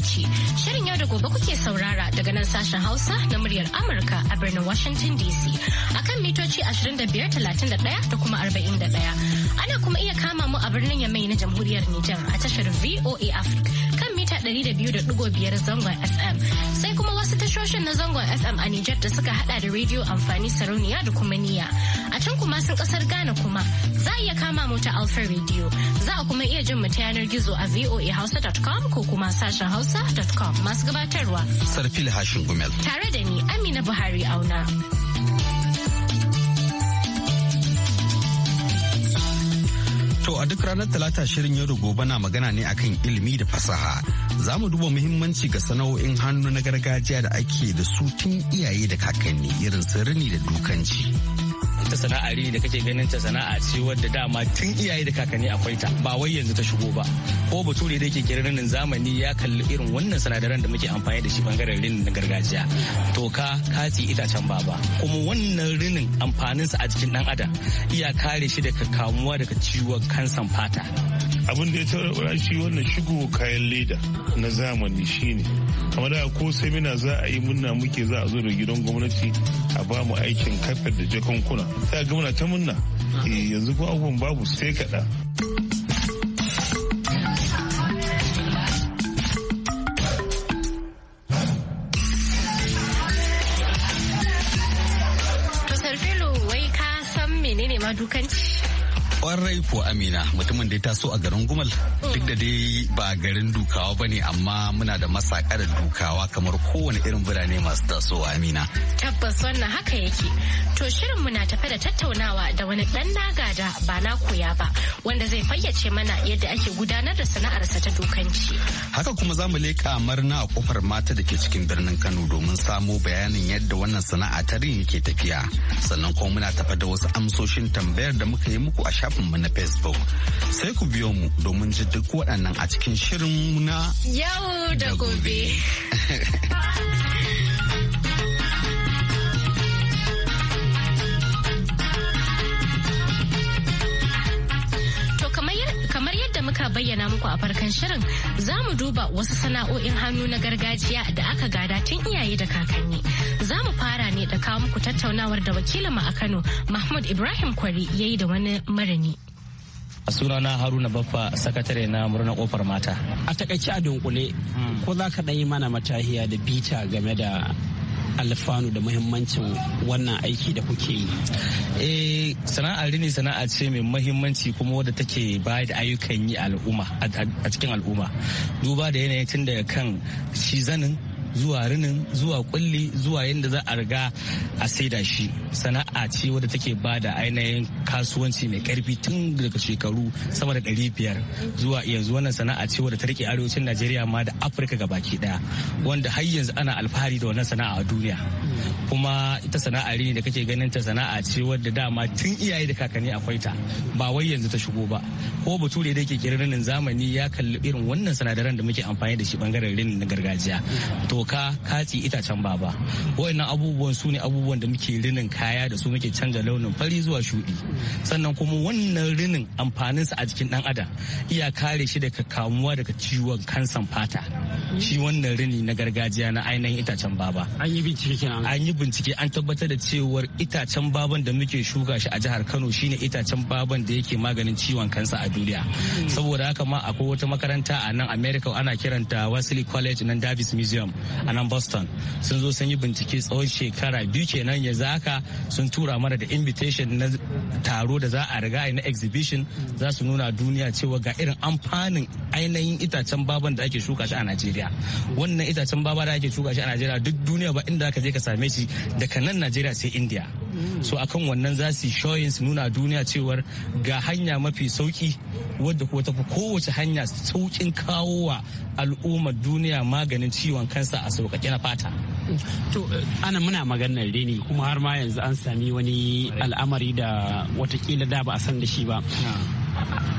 lokaci. Shirin yau da gobe kuke saurara daga nan sashen Hausa na muryar Amurka a birnin Washington DC. Akan mitoci 2531 da kuma 41. Ana kuma iya kama mu a birnin Yamai na Jamhuriyar Nijar a tashar VOA Africa kan mita 200.5 zangon FM. Sai tashoshin na zangon FM a Nijar da suka hada da rediyo amfani sarauniya da kuma niya. A can kuma sun kasar Ghana kuma za a iya kama mu ta Alfa Radio. Za a kuma iya jin mu ta yanar gizo a voahausa.com ko kuma sashen hausa.com masu gabatarwa. Sarfil Hashin Gumel. Tare da ni Amina Buhari Auna. To a duk ranar talata shirin yau da gobe na magana ne akan ilimi da fasaha. Za mu duba muhimmanci ga sana'o'in hannu na gargajiya da ake da su tun iyaye da kakanni irin sirrini da dukanci. sana'a sana'ar da kake ganin ta sana'a ce wadda dama tun iyaye da kakanni akwai ta ba wai yanzu ta shigo ba ko bature da yake rinin zamani ya kalli irin wannan sanadaran da muke amfani da shi bangaren rinin na gargajiya toka katsi itacen baba kuma wannan rinin amfaninsa a jikin dan adam iya kare shi daga kamuwa daga ciwon kansan fata abin da ya taura shi wannan shigo kayan leda na zamani shine kama da ko semina za a yi munna muke za a zo da gidan gwamnati a ba mu aikin kafet da jakunkuna sai a gamana ta munna eh, yanzu ko abubuwan babu sai kaɗa menene ma dukanci kwarai ko amina mutumin da ya taso a garin gumal duk da dai ba garin dukawa ba ne amma muna da masakar dukawa kamar kowane irin birane masu tasowa amina tabbas wannan haka yake to shirinmu na tafe da tattaunawa da wani dan nagada ba na koya ba wanda zai fayyace mana yadda ake gudanar da sana'arsa ta dukanci haka kuma za mu leƙa marna a kofar mata da ke cikin birnin kano domin samo bayanin yadda wannan sana'a ta rin ke tafiya sannan kuma muna tafe da wasu amsoshin tambayar da muka yi muku a sha. mu na facebook sai ku biyo mu domin ji duk waɗannan a cikin shirin na yau da gobe muka bayyana muku a farkon shirin za mu duba wasu sana'o'in hannu na gargajiya da aka gada tun iyaye da kakanni. Za mu fara ne da kawo muku tattaunawar da wakilin mu a Kano Mahmud Ibrahim Kwari ya yi da wani marini. sunana haruna baffa sakatare na murnar kofar mata a takaice a dunkule hmm. ko za ka yi mana matahiya da bita game da alfanu da muhimmancin wannan aiki da kuke yi? Eh sana'ar rini sana'a ce mai muhimmanci kuma wadda take bayar da ayyukan yi a cikin al'umma. Duba da yanayin tun daga kan shi zanin zuwa rinin zuwa kulli zuwa yadda za a riga a saida shi sana'a ce wadda take ba da ainihin kasuwanci mai karfi tun daga shekaru sama da ɗari biyar zuwa yanzu wannan sana'a ce wadda ta rike arewacin najeriya ma da afirka ga baki daya wanda har yanzu ana alfahari da wannan sana'a a duniya kuma ita sana'a rini da kake ganin ta sana'a ce wadda dama tun iyaye da kakanni akwai ta ba wai yanzu ta shigo ba ko bature da yake kirinin zamani ya kalli irin wannan sanadaran da muke amfani da shi bangaren rinin na gargajiya to toka kaci itacen baba wayannan abubuwan su ne abubuwan da muke rinin kaya da su muke canza launin fari zuwa shuɗi sannan kuma wannan rinin amfaninsa a jikin ɗan adam iya kare shi daga kamuwa daga ciwon kansan fata shi wannan rini na gargajiya na ainihin itacen baba an yi bincike an yi bincike an tabbatar da cewar itacen baban da muke shuka shi a jihar kano shine itacen baban da yake maganin ciwon kansa a duniya saboda haka ma akwai wata makaranta a nan america ana kiranta wesley college nan davis museum a nan boston sun zo sun yi bincike tsawon shekara biyu kenan yanzu haka sun tura mana da invitation na taro da za a riga na exhibition za su nuna duniya cewa ga irin amfanin ainihin itacen baban da ake shuka shi a najeriya wannan itacen baba da ake shuka shi a najeriya duk duniya ba inda ka je ka same shi daga nan najeriya sai india so akan wannan za su showing su nuna duniya cewar ga hanya mafi sauki wadda ko kowace hanya saukin kawo wa al'ummar duniya maganin ciwon kansa a sauƙaƙe na fata to ana muna maganar rini kuma har ma yanzu an sami wani al'amari da watakila da ba a san da shi ba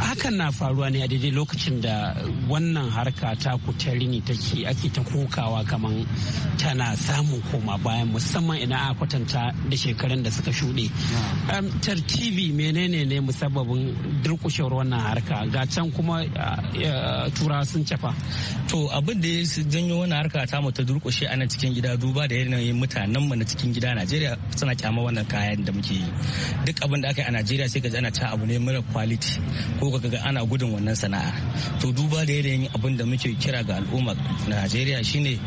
hakan na faruwa ne a daidai lokacin da wannan harka ta kutarini take ake ta kokawa kamar tana samun koma bayan musamman ina a kwatanta da shekarun da suka shuɗe um, tartibi menene ne musabbabin durkushewar wannan harka ga can kuma uh, uh, tura sun cafa to abin da ya janyo wannan harka ta mu ta durkushe a cikin gida duba da yanayin mutanen mu na cikin gida Najeriya suna kyama wannan kayan da muke yi duk abin da aka yi a Najeriya sai ka ana ta abu ne mara quality ko ka ga ana gudun wannan sana'a to duba da yanayin abin da muke kira ga al'umma najeriya shine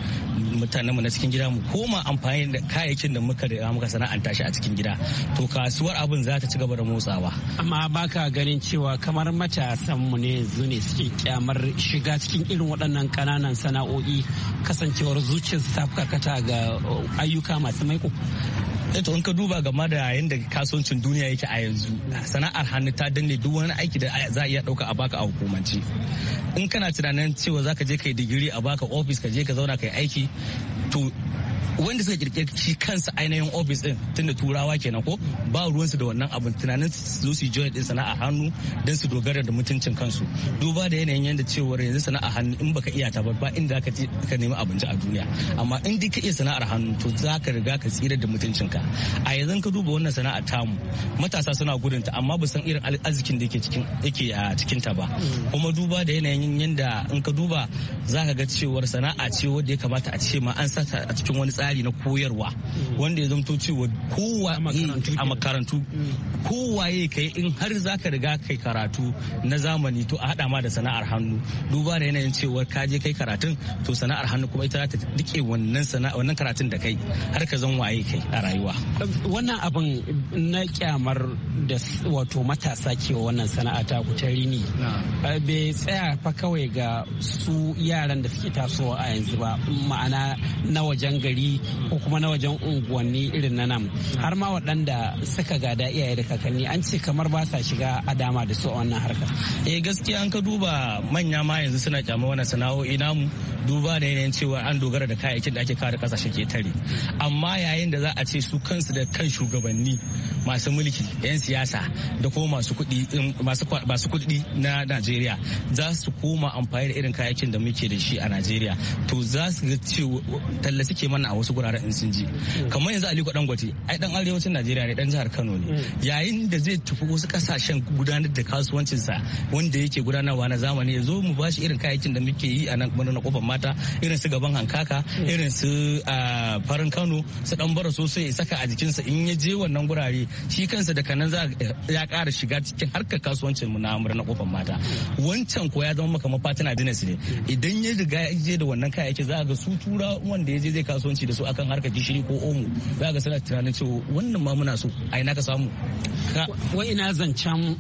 mutanenmu na cikin gida mu koma amfani da kayayyakin da muka da muka sana'anta shi a cikin gida to kasuwar abin za ta ci gaba da motsawa amma baka ganin cewa kamar matasan mu ne yanzu ne suke kyamar shiga cikin irin waɗannan ƙananan sana'o'i kasancewar zuciyar ta ga uh, ayyuka masu maiko Eh to in ka duba game da da kasuwancin duniya yake a yanzu sana'ar hannu ta danne duk wani aiki da za a iya dauka a baka a hukumance in kana tunanin cewa zaka je kai digiri a baka ofis ka je ka zauna kai aiki to wanda suka kirkiri shi kansa ainihin ofis din da turawa kenan ko ba ruwansu da wannan abin tunanin su zo su join din sana'a hannu don su dogara da mutuncin kansu duba da yanayin yadda cewar yanzu sana'a hannu in baka iya ta ba inda ka ka nemi abinci a duniya amma in dai ka iya sana'ar hannu to za ka riga ka tsira da ka a yanzu ka duba wannan sana'a tamu matasa suna gudun ta amma ba san irin arzikin da yake cikin yake a ah, cikin ta ba kuma duba da yanayin yadda in ka duba za ka ga cewar sana'a ce wadda ya kamata a ce ma an sa sa a cikin wani tsari na koyarwa wanda ya zamto cewa kowa a makarantu kowa ya kai in har za ka riga kai karatu na zamani to a hada ma da sana'ar hannu duba da yanayin cewa ka je kai karatun to sana'ar hannu kuma ita za ta rike wannan sana'a karatun da kai har ka zan waye kai a rayuwa wannan abun na kyamar da wato matasa ke wannan sana'a ta ku ta eh, bai tsaya fa kawai ga su yaran da suke tasowa a yanzu ba ma'ana na wajen gari ko kuma na wajen unguwanni irin na nan har ma waɗanda suka gada iyaye da kakanni an ce kamar ba sa shiga a dama da su a wannan harka eh gaskiya an ka duba manya ma yanzu suna kyama wannan sana'o'i namu duba da yanayin cewa an dogara da kayayyakin da ake kawo da kasashen ketare amma yayin da za a ce su kansu da kan shugabanni masu mulki 'yan siyasa da kuma um, masu kuɗi na najeriya za su koma amfani da irin kayayyakin da muke da shi a najeriya to za su ga talla suke mana a wasu gurare in sun ji kamar yanzu aliko dangote ai dan arewacin najeriya ne dan jihar kano ne hmm. yayin da zai tafi wasu kasashen gudanar da kasuwancinsa wanda yake gudanarwa na zamani ya zo mu ba shi irin kayayyakin da muke yi a nan kuma na kofar mata irin su gaban hankaka hmm. irin su farin kano su dan bara sosai ya saka a sa in ya je wannan gurare shi kansa da kanan za ya kara shiga cikin harkar kasuwancin mu na amurna kofar mata hmm. wancan ko ya zama maka mafatina dinas ne idan ya riga ya je da wannan kayayyaki za ga su tura wanda ya je zai kasuwanci da su akan harkar gishiri ko omo za ga suna tunanin cewa wannan ma muna so a ina ka samu wai ina zancen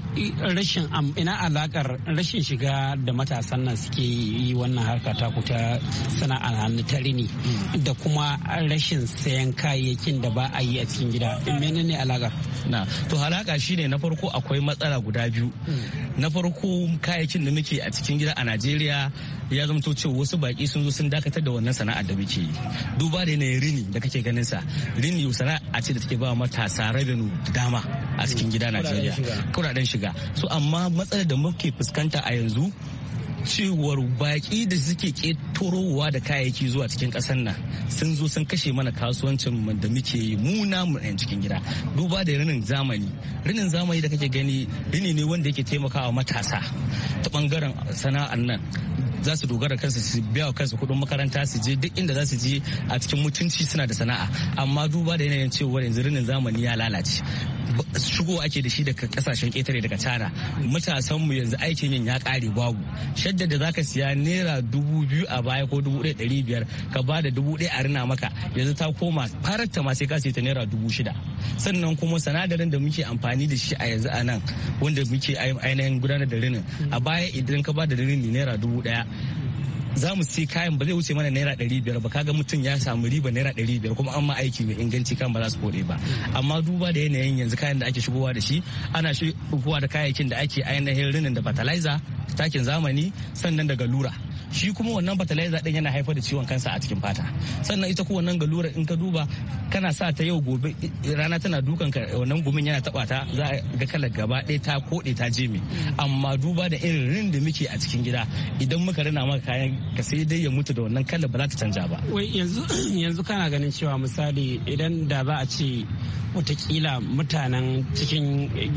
rashin ina alakar rashin shiga da matasan nan suke yi wannan harka ta ku ta sana'a hannu ta rini da kuma rashin sayan kayayyakin da ba a yi a cikin gida menene alakar na to alaka shine na farko akwai matsala guda biyu hmm. na farko kayayyakin da muke a cikin gida a Najeriya ya to cewa wasu baki sun zo sun dakatar da wannan sana'ar da muke yi duba da yanayin rini da kake ganin sa rini sana'a ce da take ba matasa revenue dama a cikin gida Najeriya kudaden shiga so amma matsalar da muke fuskanta a yanzu cewar baki da suke ketorowa da kayayyaki zuwa cikin kasar nan sun zo sun kashe mana kasuwancin da muke yi mu cikin gida duba da rinin zamani rinin zamani da kake gani rini ne wanda yake taimakawa matasa ta bangaren sana'ar nan za su dogara kansu su biya kansu kudin makaranta su je duk inda za su je a cikin mutunci suna da sana'a amma duba da yanayin cewa yanzu rinin zamani ya lalace shigo ake da shi daga kasashen ƙetare daga china matasan mu yanzu aikin yin ya kare babu shadda da zaka siya naira dubu biyu a baya ko dubu ɗaya ɗari biyar ka ba da dubu ɗaya a rina maka yanzu ta koma farar ma sai ka ta naira dubu shida sannan kuma sanadarin da muke amfani da shi a yanzu a nan wanda muke ainihin gudanar da rinin a baya idan ka ba da rinin naira dubu ɗaya za mu sai kayan ba zai wuce mana naira ɗari biyar ba kaga mutum ya samu riba naira ɗari biyar kuma an ma aiki mai inganci kan ba za su kore ba amma duba da yanayin yanzu kayan da ake shigowa da shi ana shigowa da kayayyakin da ake ainihin rinin da fertilizer takin zamani sannan daga lura shi kuma wannan fertilizer din yana haifar da ciwon kansa a cikin fata sannan ita ko wannan galura in ka duba kana sa ta yau gobe rana tana dukan ka wannan gumin yana taba ta za ga kala gaba ɗaya ta koɗe ta jeme amma duba da irin rin da muke a cikin gida idan muka rina maka kayan ka sai dai ya mutu da wannan kalar ba za ta canja ba wai yanzu yanzu kana ganin cewa misali idan da za a ce watakila mutanen cikin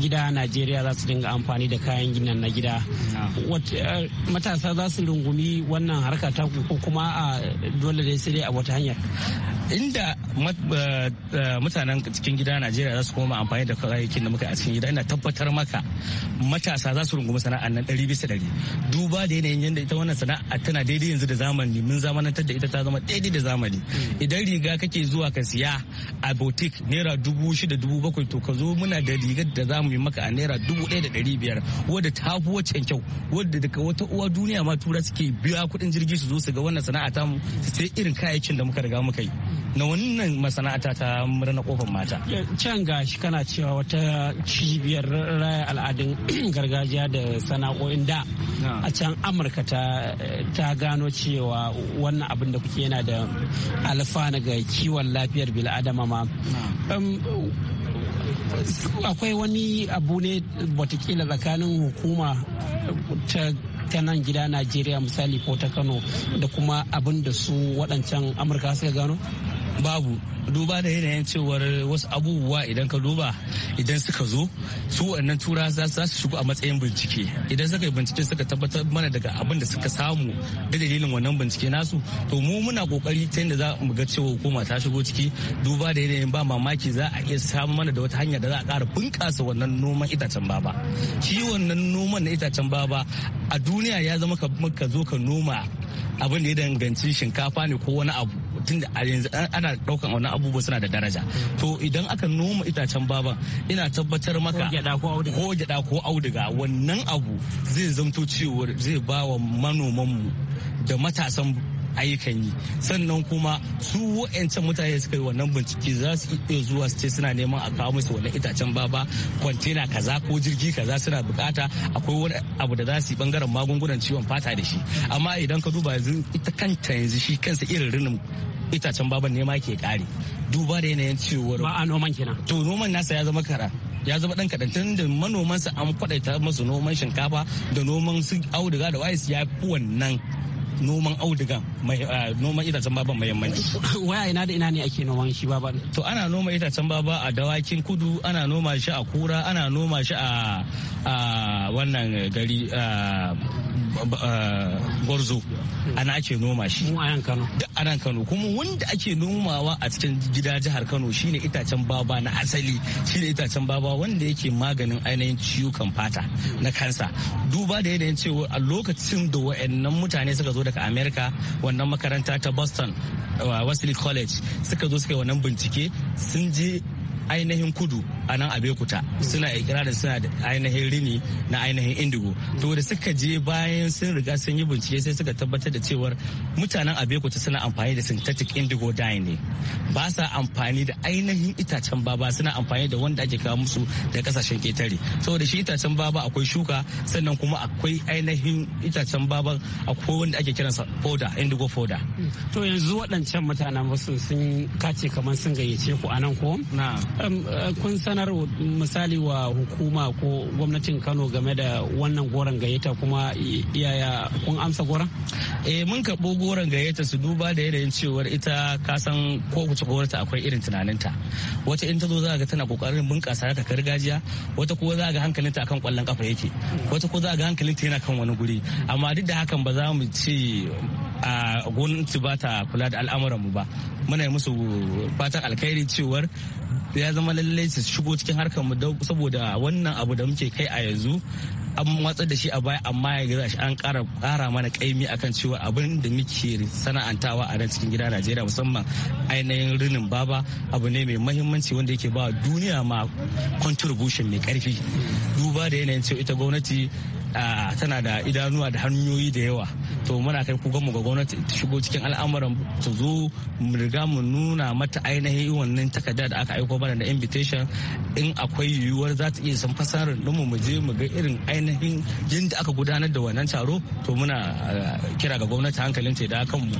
gida Najeriya za su dinga amfani da kayan ginin na gida eh, matasa za su rungumi wannan harka taku ko kuma a dole dai sai dai a wata hanyar inda Eh, eh, mutanen cikin gida najeriya za su koma amfani da kayayyakin da muka a cikin gida ina tabbatar maka matasa za su rungumi sana'a nan ɗari bisa ɗari duba da yanayin yadda ita wannan sana'a tana daidai yanzu da zamani mun zamanantar da ita ta zama daidai da zamani hmm. idan riga kake zuwa ka siya a boutique naira dubu shida dubu bakwai to ka zo muna da rigar da za mu yi maka a naira dubu ɗaya da ɗari biyar wadda ta fi wacce kyau wadda daga wata uwa duniya ma tura suke biya kuɗin jirgi su zo su ga wannan sana'a ta mu sai irin kayayyakin da muka riga muka yi na wannan wannan masana'anta ta murna kofar mata can gashi kana cewa wata cibiyar raya al'adun gargajiya da sana'o'in da a can amurka ta gano cewa wannan abin da kuke yana da alfana ga kiwon lafiyar bil'adama ma um, akwai wani abu ne watakila tsakanin hukuma ta ta nan gida najeriya misali ko ta kano da kuma abin da su waɗancan amurka suka gano babu duba da yanayin cewar wasu abubuwa idan ka duba idan suka zo su wannan tura za su shigo a matsayin bincike idan suka yi bincike suka tabbatar mana daga abin da suka samu da dalilin wannan bincike nasu to mu muna kokari ta yadda za mu ga cewa hukuma ta shigo ciki duba da yanayin ba mamaki za a iya samu mana da wata hanya da za a ƙara bunƙasa wannan noman itacen baba shi wannan noman na itacen baba a duniya ya zama ka zo ka noma abin da ya danganci shinkafa ne ko wani abu tun da yanzu ana daukan wani abubuwa suna da daraja to idan aka noma itacen baban ina tabbatar maka ko gyada ko auduga wannan abu zai zamto cewa zai ba wa manomanmu da matasan ayyukan yi sannan kuma su wa'ancan mutane suka yi wannan bincike za su iya zuwa su ce suna neman a kawo musu wannan itacen baba kwantena kaza ko jirgi kaza suna bukata akwai wani abu da za su yi bangaren magungunan ciwon fata da shi amma idan ka duba yanzu ita kanta yanzu shi kansa irin rinin itacen baban ne ma ke kare duba da yanayin ciwon ba a noman kenan to noman nasa ya zama kara ya zama dan kadan tun da manomansa an kwadaita masu noman shinkafa da noman su auduga da wayis ya fi wannan noman auduga mai ah, noman itacen baba mai yammanci waya ina da ina ne ake noman shi baba to ana noma itacen baba a dawakin kudu ana noma shi a kura ana noma shi a wannan gari gwarzo ana ake noma shi duk a nan kano kuma wanda ake nomawa a cikin gida jihar kano shine itacen baba na asali shine itacen baba wanda yake maganin ainihin ciwukan fata na kansa duba da yanayin cewa a lokacin da wa'annan mutane suka zo daga america wannan makaranta ta boston uh, wesley college suka zo suka yi wannan bincike sun je ainihin kudu a nan abekuta suna ikirarin suna da ainihin rini na ainihin indigo to da suka je bayan sun riga sun yi bincike sai suka tabbatar da cewar mutanen abekuta suna amfani da synthetic indigo dye ne ba sa amfani da ainihin itacen baba suna amfani da wanda ake kawo musu da kasashen ketare saboda shi itacen baba akwai shuka sannan kuma akwai ainihin itacen baba akwai wanda ake kiransa powder indigo powder. to yanzu waɗancan mutanen wasu sun kace kamar sun gayyace ku nan ko eh, kun sanar misali wa hukuma ko gwamnatin kano game da wannan goron gayyata kuma yaya kun amsa goron eh mun karɓo goron gayyata su duba da yanayin cewar ita kasan ko wace gwamnati akwai irin tunaninta wata in ta zo za ga tana kokarin bunƙasa ta gargajiya wata kuwa za ga hankalinta akan kwallon kafa yake wata kuwa za ga hankalinta yana kan wani guri amma duk da hakan ba za mu ce a gwamnati ba ta kula da al'amuran mu ba muna yi musu fatan alkhairi cewar ya zama lallai su shigo cikin harkar mu saboda wannan abu da muke kai a yanzu an watsar da shi a baya amma ya gaza shi an kara kara mana kaimi akan cewa abin da muke sana'antawa a nan cikin gida Najeriya musamman ainihin rinin baba abu ne mai mahimmanci wanda yake ba duniya ma contribution mai karfi duba da yanayin cewa ita gwamnati tana da idanuwa da hanyoyi da yawa to muna kai kukan mu ga gwamnati ta shigo cikin al'amuran ta zo mu riga mu nuna mata ainihin wannan takarda da aka aiko mana da invitation in akwai yiwuwar za ta iya san fasarar ɗinmu mu je mu ga irin ainihin yadda aka gudanar da wannan taro to muna kira ga gwamnati hankalin ta da kanmu.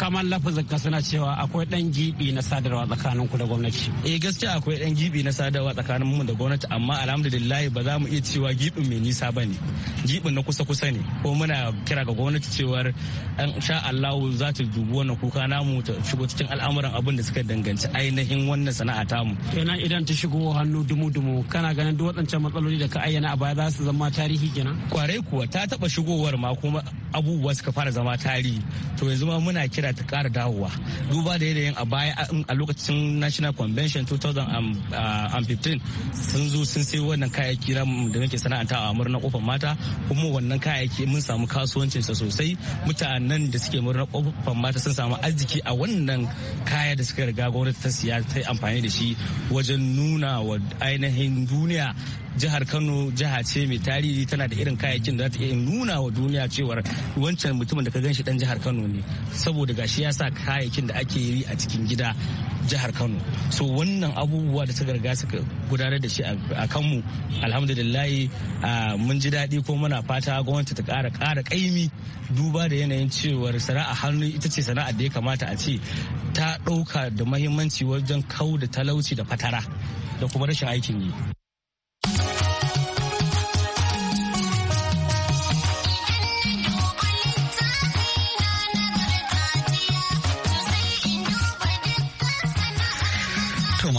kamar lafazin ka suna cewa akwai dan gibi na sadarwa tsakanin ku da gwamnati. eh gaskiya akwai dan gibi na sadarwa tsakanin mu da gwamnati amma alhamdulillah ba za mu iya cewa gibin mai nisa ba ne. ne jibin na kusa kusa ne ko muna kira ga gwamnati cewar an sha Allahu za ta dubi wannan kuka namu ta shigo cikin al'amuran abin da suka danganci ainihin wannan sana'a tamu kenan idan ta shigo hannu dumu dumu kana ganin duk waɗancan matsaloli da ka ayyana a baya za su zama tarihi kenan kwarai kuwa ta taba shigowar ma kuma abubuwa suka fara zama tarihi to yanzu ma muna kira ta kara dawowa duba da yanayin a baya a lokacin national convention 2015 uh, sun zo sun sai wannan kayayyaki da muke sana'anta a murnar kofar mata kuma wannan kayayyaki mun samu kasuwancin sa sosai mutanen da suke murnar kofar mata sun samu arziki a wannan kaya da suka riga gwamnati ta siya ta amfani da shi wajen nuna wa ainihin duniya jihar kano jiha ce mai tarihi tana da irin kayayyakin da za ta iya nuna wa duniya cewar wancan mutumin da ka gan shi dan jihar kano ne saboda gashi ya sa kayayyakin da ake yi a cikin gida jihar kano so wannan abubuwa da ta garga suka gudanar da shi a kanmu alhamdulillahi mun ji daɗi ko muna fata gwamnati ta ƙara ƙara ƙaimi duba da yanayin cewar sana'a hannu ita ce sana'ar da ya kamata a ce ta ɗauka da mahimmanci wajen kau da talauci da fatara da kuma rashin aikin yi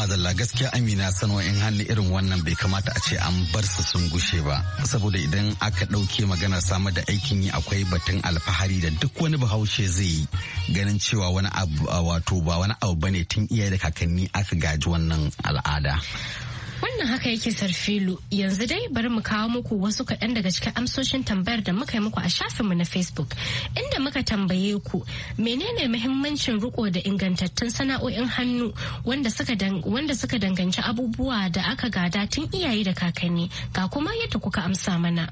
madalla gaskiya amina in hali irin wannan bai kamata a ce an bar su sun gushe ba saboda idan aka ɗauke magana samar da aikin yi akwai batun alfahari da duk wani bahaushe zai yi ganin cewa wani abu wato ba wani abu bane tun iyaye da kakanni aka gaji wannan al'ada Wannan haka yake sarfilu yanzu dai bari mu kawo muku wasu kaɗan daga cikin amsoshin tambayar da muka yi muku a shafinmu na Facebook inda muka tambaye ku menene muhimmancin riko da ingantattun sana'o'in hannu wanda suka wanda suka danganci abubuwa da aka gada tun iyaye da kakanni ga kuma yadda kuka amsa mana.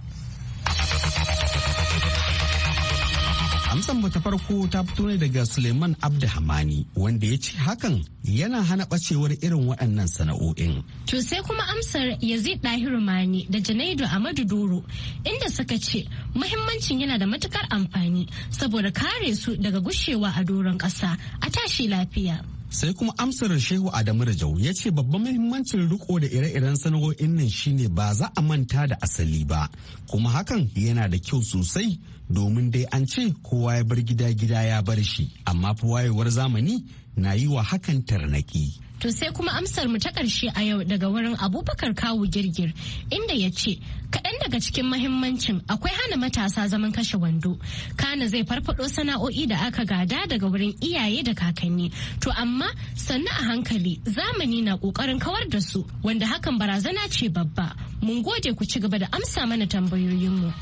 Amsan ba ta farko ta fito ne daga Suleiman Abdulhamani wanda ya ce hakan yana hana bacewar irin waɗannan sana'o'in. To sai kuma amsar Yazid Dahir Mani da Janaidu Amadu Doro inda suka ce muhimmancin yana da matukar amfani saboda kare su daga gushewa a doron ƙasa a tashi lafiya. sai kuma amsar shehu adamu rajau ya ce babban muhimmancin riko da ire-iren sana'o'in nan shine ba za a manta da asali ba kuma hakan yana da kyau sosai domin dai an ce kowa ya bar gida gida ya bar shi amma fi wayewar zamani na yi wa hakan tarnaki. To sai kuma amsar mu ta ƙarshe a yau daga wurin abubakar kawu girgir inda ya ce kaɗan daga cikin mahimmancin akwai hana matasa zaman kashe wando kana zai farfaɗo sana'o'i da aka gada daga wurin iyaye da kakanni to amma sannu a hankali zamani na ƙoƙarin kawar da su wanda hakan barazana ce babba mun gode ku ci gaba da amsa mana tambayoyinmu.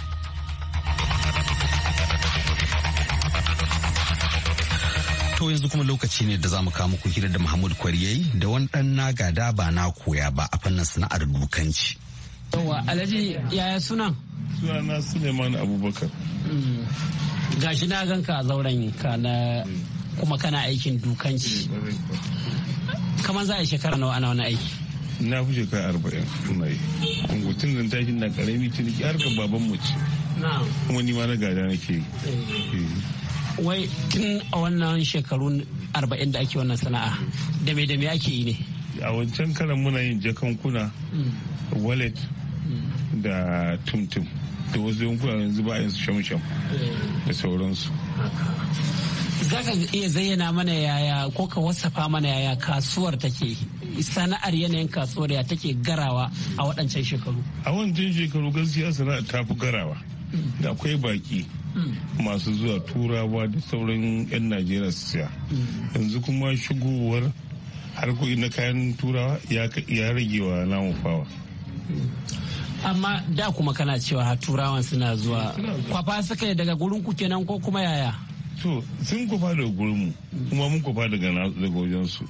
To yanzu kuma lokaci ne da za mu kawo muku hira da Muhammad Kwari yayi da wani dan na gada ba na koya ba a fannin sana'ar dukanci. Yawa Alhaji yaya sunan? Sunana Suleiman Abubakar. Mm. Gashi na ka a zauren ka na kuma kana aikin dukanci. Eh, Kamar za a yi shekara nawa ana wani aiki? na fi shekara arba'in na yi ungutun nan takin na karami tun ki harkar baban ce kuma ni ma na gada nake yi eh. Eh. wai tun a wannan shekarun arba'in da ake wannan sana'a da me da me ake yi ne a wancan karan muna yin jakan kuna wallet da tumtum da wasu yankuna yanzu ba yin shamsham da sauransu za iya zayyana mana yaya ko ka wasafa mana yaya kasuwar take sana'ar yanayin kasuwar ya take garawa a waɗancan shekaru a wancan shekaru gaskiya sana'ar ta fi garawa da akwai baki masu zuwa turawa da sauran 'yan najeriya su siya mm. yanzu kuma shigowar harkoki na kayan turawa ya rage wa namu fawa amma da kuma kana cewa turawan suna zuwa kwafa suka yi daga gurin ku kenan ko kuma yaya to sun kwafa daga gurin mu mm. kuma mun kwafa daga wajen su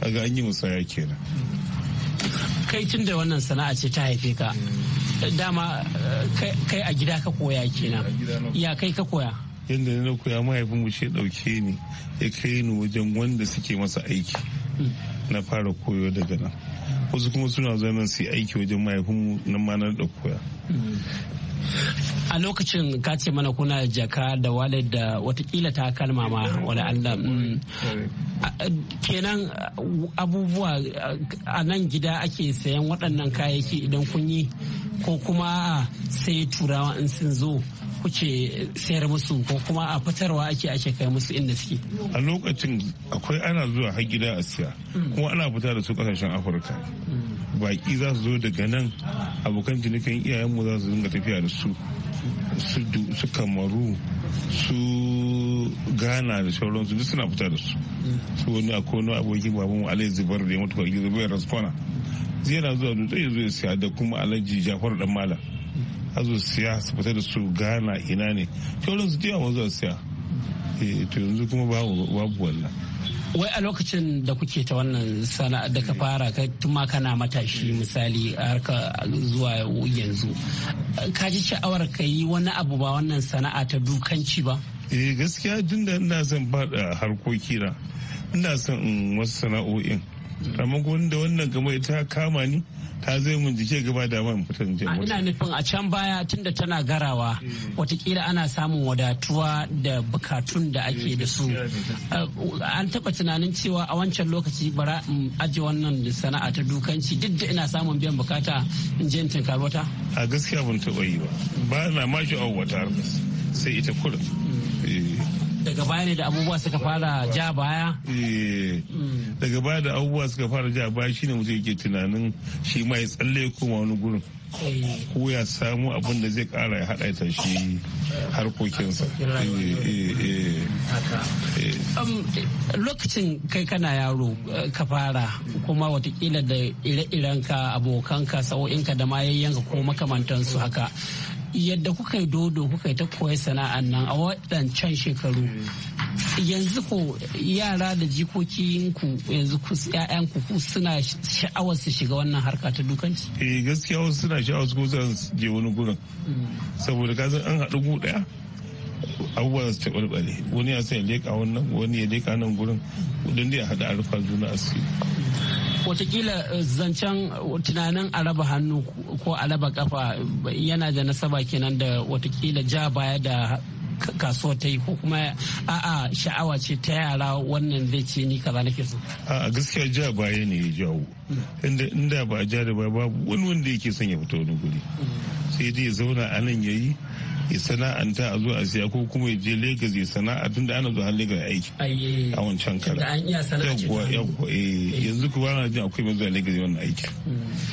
kaga an yi musaya kenan kai tun da wannan sana'a ce ta haife ka mm. dama eh, kai a gida ka koya kenan ya kai ka koya yadda na koya mahaifin mu shi dauke ni ya kai ni wajen wanda suke masa aiki na fara koyo daga nan wasu kuma suna zuwa nan su aiki wajen mahaifin mu nan ma na da koya a lokacin ka ce mana kuna jaka da walid da watakila ta kalma ma wani allah mm. kenan uh, abubuwa uh, a nan gida ake sayan waɗannan kayayyaki idan kun yi ko kuma sai turawa in sun zo kuce sayar musu ko kuma a fitarwa ake ake kai musu inda suke a lokacin akwai ana zuwa har gida a siya mm. kuma ana fita da su kasashen afirka mm. baki za su zo daga nan abokan cinikin iyayenmu za su dinga tafiya da su su kamaru su gana da sauransu duk suna fita da su su wani akwai wani abokin babu mu alai zubar da ya mutu kwarki zubar raspona zai yana zuwa dutse ya zo ya siya da kuma alaji jafar dan mala a zo siya su fita da su gana ina ne sauransu da yawon zuwa siya eh, to yanzu kuma babu wannan wai a lokacin da kuke ta wannan sana'a da ka fara ka tuma kana matashi misali harka zuwa yanzu ka ji sha'awar ka yi wani abu ba wannan sana'a ta dukanci ba eh gaskiya tun da ina son bada harkoki na ina son wasu sana'o'in amma da wannan gama ita kama ni ta zai mun jike gaba da man fitar jin ina nufin a can baya tunda tana garawa mm. watakila ana samun wadatuwa da bukatun da ake da su eh, eh, an taba tunanin cewa a wancan lokaci bara in aje wannan sana'a ta dukanci duk da ina samun biyan bukata in je in tinkar wata a gaskiya ban taba yi ba ba na mashi wata sai ita kurin mm. eh, daga baya ne da abubuwa suka fara ja baya eh, daga baya da abubuwa suka fara ja baya shine mutum yake tunanin shi ma ya tsalle koma wani gurin eh. ko ya samu abin da zai kara ya haɗa shi harkokinsa eh, um, lokacin kai kana yaro ka fara kuma watakila da ire-irenka abokanka sau'inka da ma yayyanka ko makamantansu haka yadda kuka yi dodo kuka yi ta koya sana'an nan a waɗancan shekaru yanzu ko yara da jikokinku yanzu ƴaƴan ku suna sha'awar su shiga wannan harka ta dukanci eh gaskiya wasu suna sha'awar su su je wani gurin saboda kasan an haɗu gu ɗaya abubuwa su taɓarɓare wani ya san ya leƙa wannan wani ya leƙa nan gurin don ya haɗa a rufa juna asiri watakila eh, zancen eh, tunanin a raba hannu ko a raba kafa yana da nasaba kenan da watakila ja baya da kasuwa ta yi ko kuma a'a sha'awa ce ta yara wannan zai ce ni kaza nake so a gaskiya ja baya ne ya jawo inda inda ba a ja da baya babu wani wanda yake son ya fito wani guri mm. sai dai ya zauna a nan ya yi. ya sana'anta a zo a siya ko kuma ya je Legas ya sana'a tunda ana zuwa har Legas aiki a wancan kara. Yawwa yawwa yanzu kuma na jin akwai mazuwa Legas wannan aiki.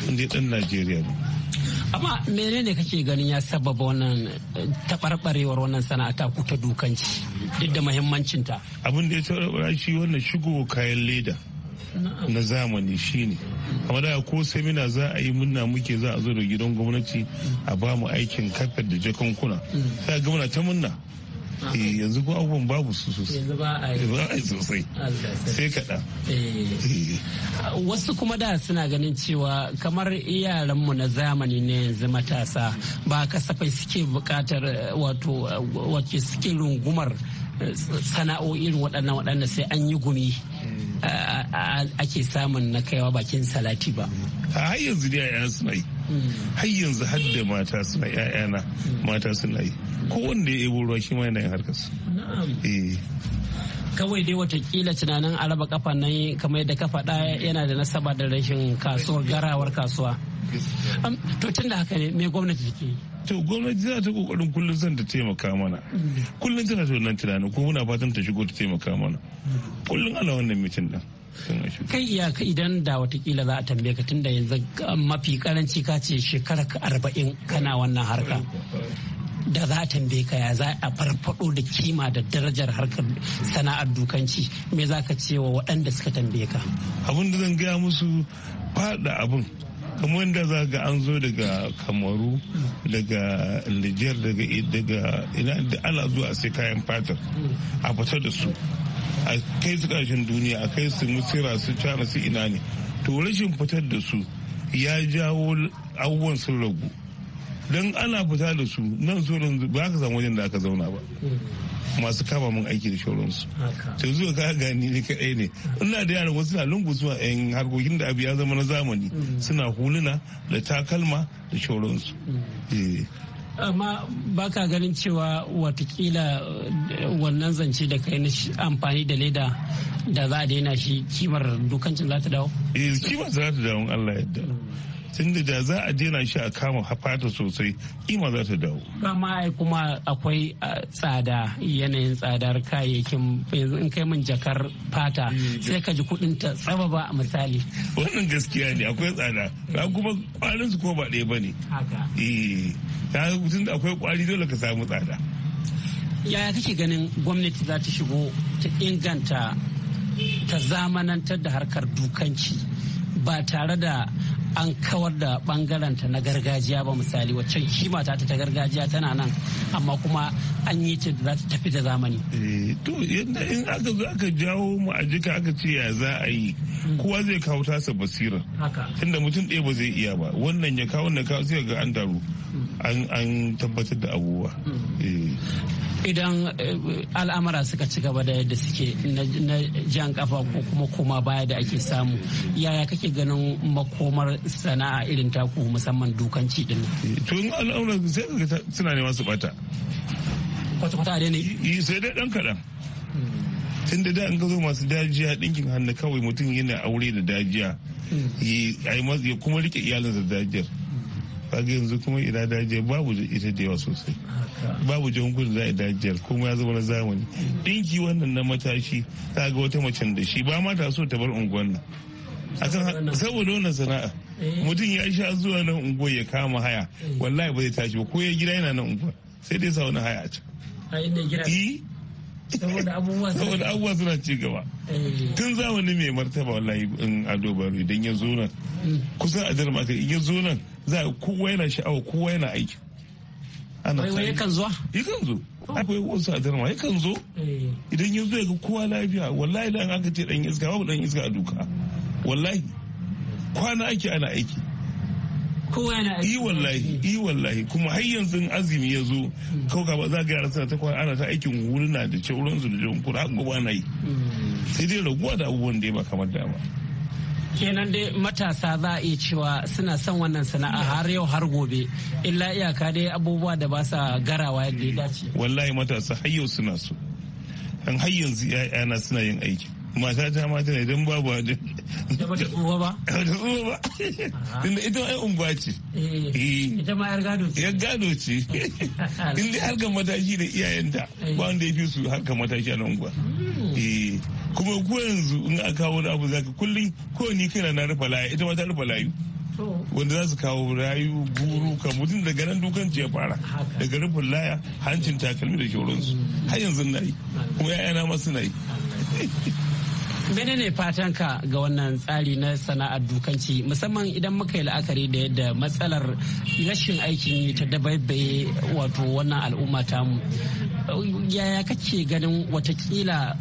Wanda hmm. ya dan Najeriya ne. Amma menene kake ganin ya sababa wannan eh, taɓarɓarewar wannan sana'a ta kuta dukanci duk da muhimmancinta. Abin da ya taɓarɓara shi wannan shigo kayan leda. na zamani shine kamar da ko semina za a yi munna muke za a zo da gidan gwamnati a ba mu aikin kafet da jakankuna sai ga muna ta munna eh, yanzu ko abubuwan babu su sosai ba sosai sai kaɗan eh. Eh. wasu kuma da suna ganin cewa kamar yaranmu na zamani ne yanzu matasa ba kasafai suke buƙatar wato wace suke rungumar sana'o'in waɗannan waɗanda sai an yi gumi ake samun na kaiwa bakin salati ba har yanzu da yaya suna yi hmm. har yanzu har da mata suna yayana hmm. mata suna yi kowanne ya ebo ruwa shi ma yana yin harkarsu eh. kawai dai watakila tunanin araba kafa nan kamar yadda ka faɗa yana da nasaba da rashin kasuwar garawar kasuwa to tun da haka ne me gwamnati take to gwamnati za ta kokarin kullum zan ta taimaka mana kullum tana ta wannan tunanin ko muna fatan ta shigo ta taimaka mana kullum ana wannan mitin din kai iyaka idan da watakila za a tambaye ka tunda yanzu ah, mafi karanci ka ce shekara arba'in kana wannan harka da za a tambaye ka ya za a farfado da kima da darajar harkar sana'ar dukanci me za ka ce wa waɗanda suka tambaye ka abin da zan gaya musu faɗa abin kamar wanda za ga an zo daga kamaru daga niger daga ina da ala zuwa sai kayan fatar a fita da su a kai su kashin duniya a kai su misira su cana su ina ne to rashin fitar da su ya jawo abubuwan sun ragu don ana fita da su nan so ba ka samu wajen da aka zauna ba masu kama mun aiki da shauransu to zuwa ka gani ne kaɗai ne ina da yaran wasu na lungu zuwa yan harkokin da abu ya zama na zamani mm. suna huluna da takalma da shauransu mm. eh. amma ba ka ganin cewa watakila eh, wannan zance da kai na amfani da leda da za a daina shi kimar dukancin za ta dawo? Eh, kimar za ta dawo Allah yadda Tun da za a daina shi a kama fata sosai kima za ta dawo. Kama kuma akwai tsada yanayin tsadar kayayyakin yanzu in kai min jakar fata mm. sai ka ji kuɗin ta tsaba ba a misali. Wannan gaskiya ne akwai tsada na kuma kwarin su ko ba ɗaya ba ne. Haka. Eh, da akwai kwari dole ka samu tsada. Yaya kake ganin gwamnati za ta shigo ta inganta ta zamanantar da harkar dukanci ba tare da an kawar da bangaren na gargajiya ba misali waccan kima ta ta gargajiya tana nan amma kuma an yi da za ta tafi da zamani. Eh, to yadda in aka zo aka jawo mu a jika aka ce ya za a yi hmm. kowa zai kawo tasa basira. inda mutum ɗaya ba zai iya ba wannan ya kawo na kawo sai ga an taru hmm. an tabbatar da abubuwa eh. idan eh, al'amara suka ci gaba da yadda suke na jan kafa ko kuma koma baya da ake samu yaya kake ganin makomar sana'a irin taku musamman dukanci din eh, tun al'amura sai ka suna neman su bata kwata-kwata ne sai dai dan kaɗan tun da an gazo masu dajiya ɗinkin hannu kawai mutum yana aure da dajiya hmm. ya kuma rike iyalinsa dajiyar kaga yanzu kuma ina daji babu ita da yawa sosai babu jangun za a dajiyar kuma ya zama na zamani dinki wannan na matashi ta ga wata macen da shi ba ma ta so ta bar unguwan nan akan saboda wannan sana'a eh. mutum ya sha zuwa nan unguwar ya kama haya eh. wallahi ba zai tashi ba ko ya gida yana nan unguwa sai dai sa wani haya a can eh. saboda abubuwa suna ci gaba tun zamani mai martaba wallahi in ado idan ya zo nan mm. kusan a jarma in ya zo nan za a kowa yana sha'awa kowa yana aiki ana wai yakan zuwa yakan zo akwai wasu a yakan zo eh. idan ya zo ya ga kowa lafiya wallahi da aka ce dan iska babu dan iska a duka wallahi kwana ake ana aiki kowa yana aiki wallahi yi wallahi kuma har yanzu azumi ya zo hmm. kawai ka ba za ga yara suna ta kwana ana ta aikin wurina da cewuransu da jiran kuma har na ana yi hmm. sai dai raguwa da abubuwan da ya ba kamar dama. ba kenan dai matasa za a iya cewa suna son wannan sana'a har yau har gobe illa iyaka dai abubuwa da ba sa garawa yadda ya dace wallahi matasa har yau suna so an har yanzu yana suna yin aiki mata ta mata ne don babu da ba da ba da ba inda ita ai ce eh, eh. ita ma yar gado ce yar gado ce inda harkar mataki da iyayenta ba wanda ya fi su harkar mataki a nan hmm. eh kuma ko yanzu in aka kawo wani abu zaka kullum ko ni kana na rufa layu ita ma ta rufa layu wanda za su kawo rayu guru kan mutum daga nan dukan ya fara daga rufin laya hancin takalmi da shauransu har yanzu na yi kuma yana ma na yi mene ne fatanka ga wannan tsari na sana'ar dukanci musamman idan muka yi la'akari da yadda matsalar rashin aikin yi ta dabaibaye wato wannan al'umma tamu yaya kake ganin watakila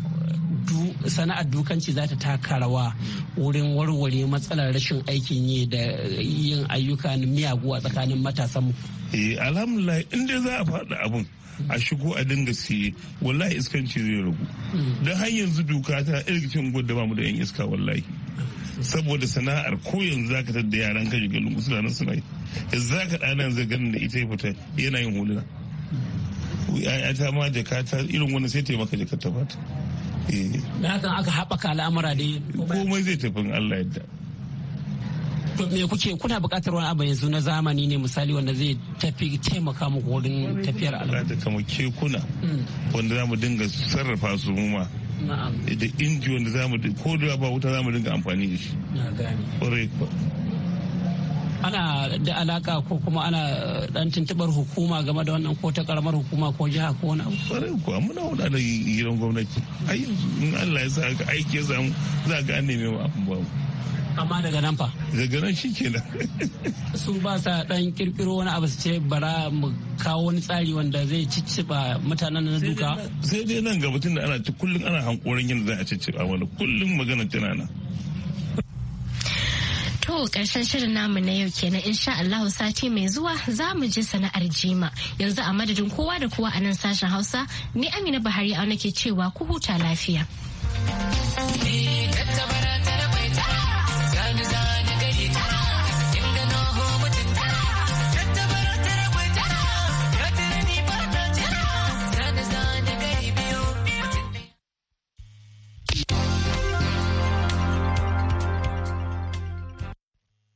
sana'ar dukanci za ta taka rawa wurin warware matsalar rashin aikin yi da yin ayyuka miyagu a tsakanin matasan mu. Eh alhamdulillah za a faɗi abin a shigo a dinga siye wallahi iskanci zai ragu. Hmm. Don har yanzu duka ta cin gwada ba mu da 'yan iska wallahi. saboda sana'ar ko yanzu ka tadda yaran ka shiga lungu suna nan suna yi yanzu ka ɗana zai ganin da ita ya fita yana yin huluna ya'ya ta ma jaka ta irin wani sai ta yi maka jaka ta bata da eh. aka haɓaka al'amura dai komai zai tafi Allah yadda to me kuke kuna buƙatar wani abu yanzu na zamani ne misali wanda zai tafi taimaka muku wurin tafiyar al'amura da ke kuna mm. wanda za mu dinga sarrafa su mu ma da inji wanda za mu ko da ba wuta za mu dinga amfani da shi ana da alaka ko kuma ana eh, dan tuntubar hukuma game da wannan ko ta karamar hukuma ko jiha ko wani abu kwarai kuwa muna wuda da gidan gwamnati ai in Allah ya sa ka aiki ya samu za ka an neme mu abin ba amma daga nan fa daga nan shikenan su ba sa dan kirkiro wani abu su ce bara mu kawo wani tsari wanda zai cicciba mutanen na duka sai dai nan ga mutum da ana kullum ana hankorin yin za a cicciba wani kullum magana tana nan karshen shirin namu na yau kenan insha Allahu sati mai zuwa za mu je sana'ar jima yanzu a madadin kowa da kowa a nan sashen Hausa ni Amina Buhari a nake cewa ku huta lafiya.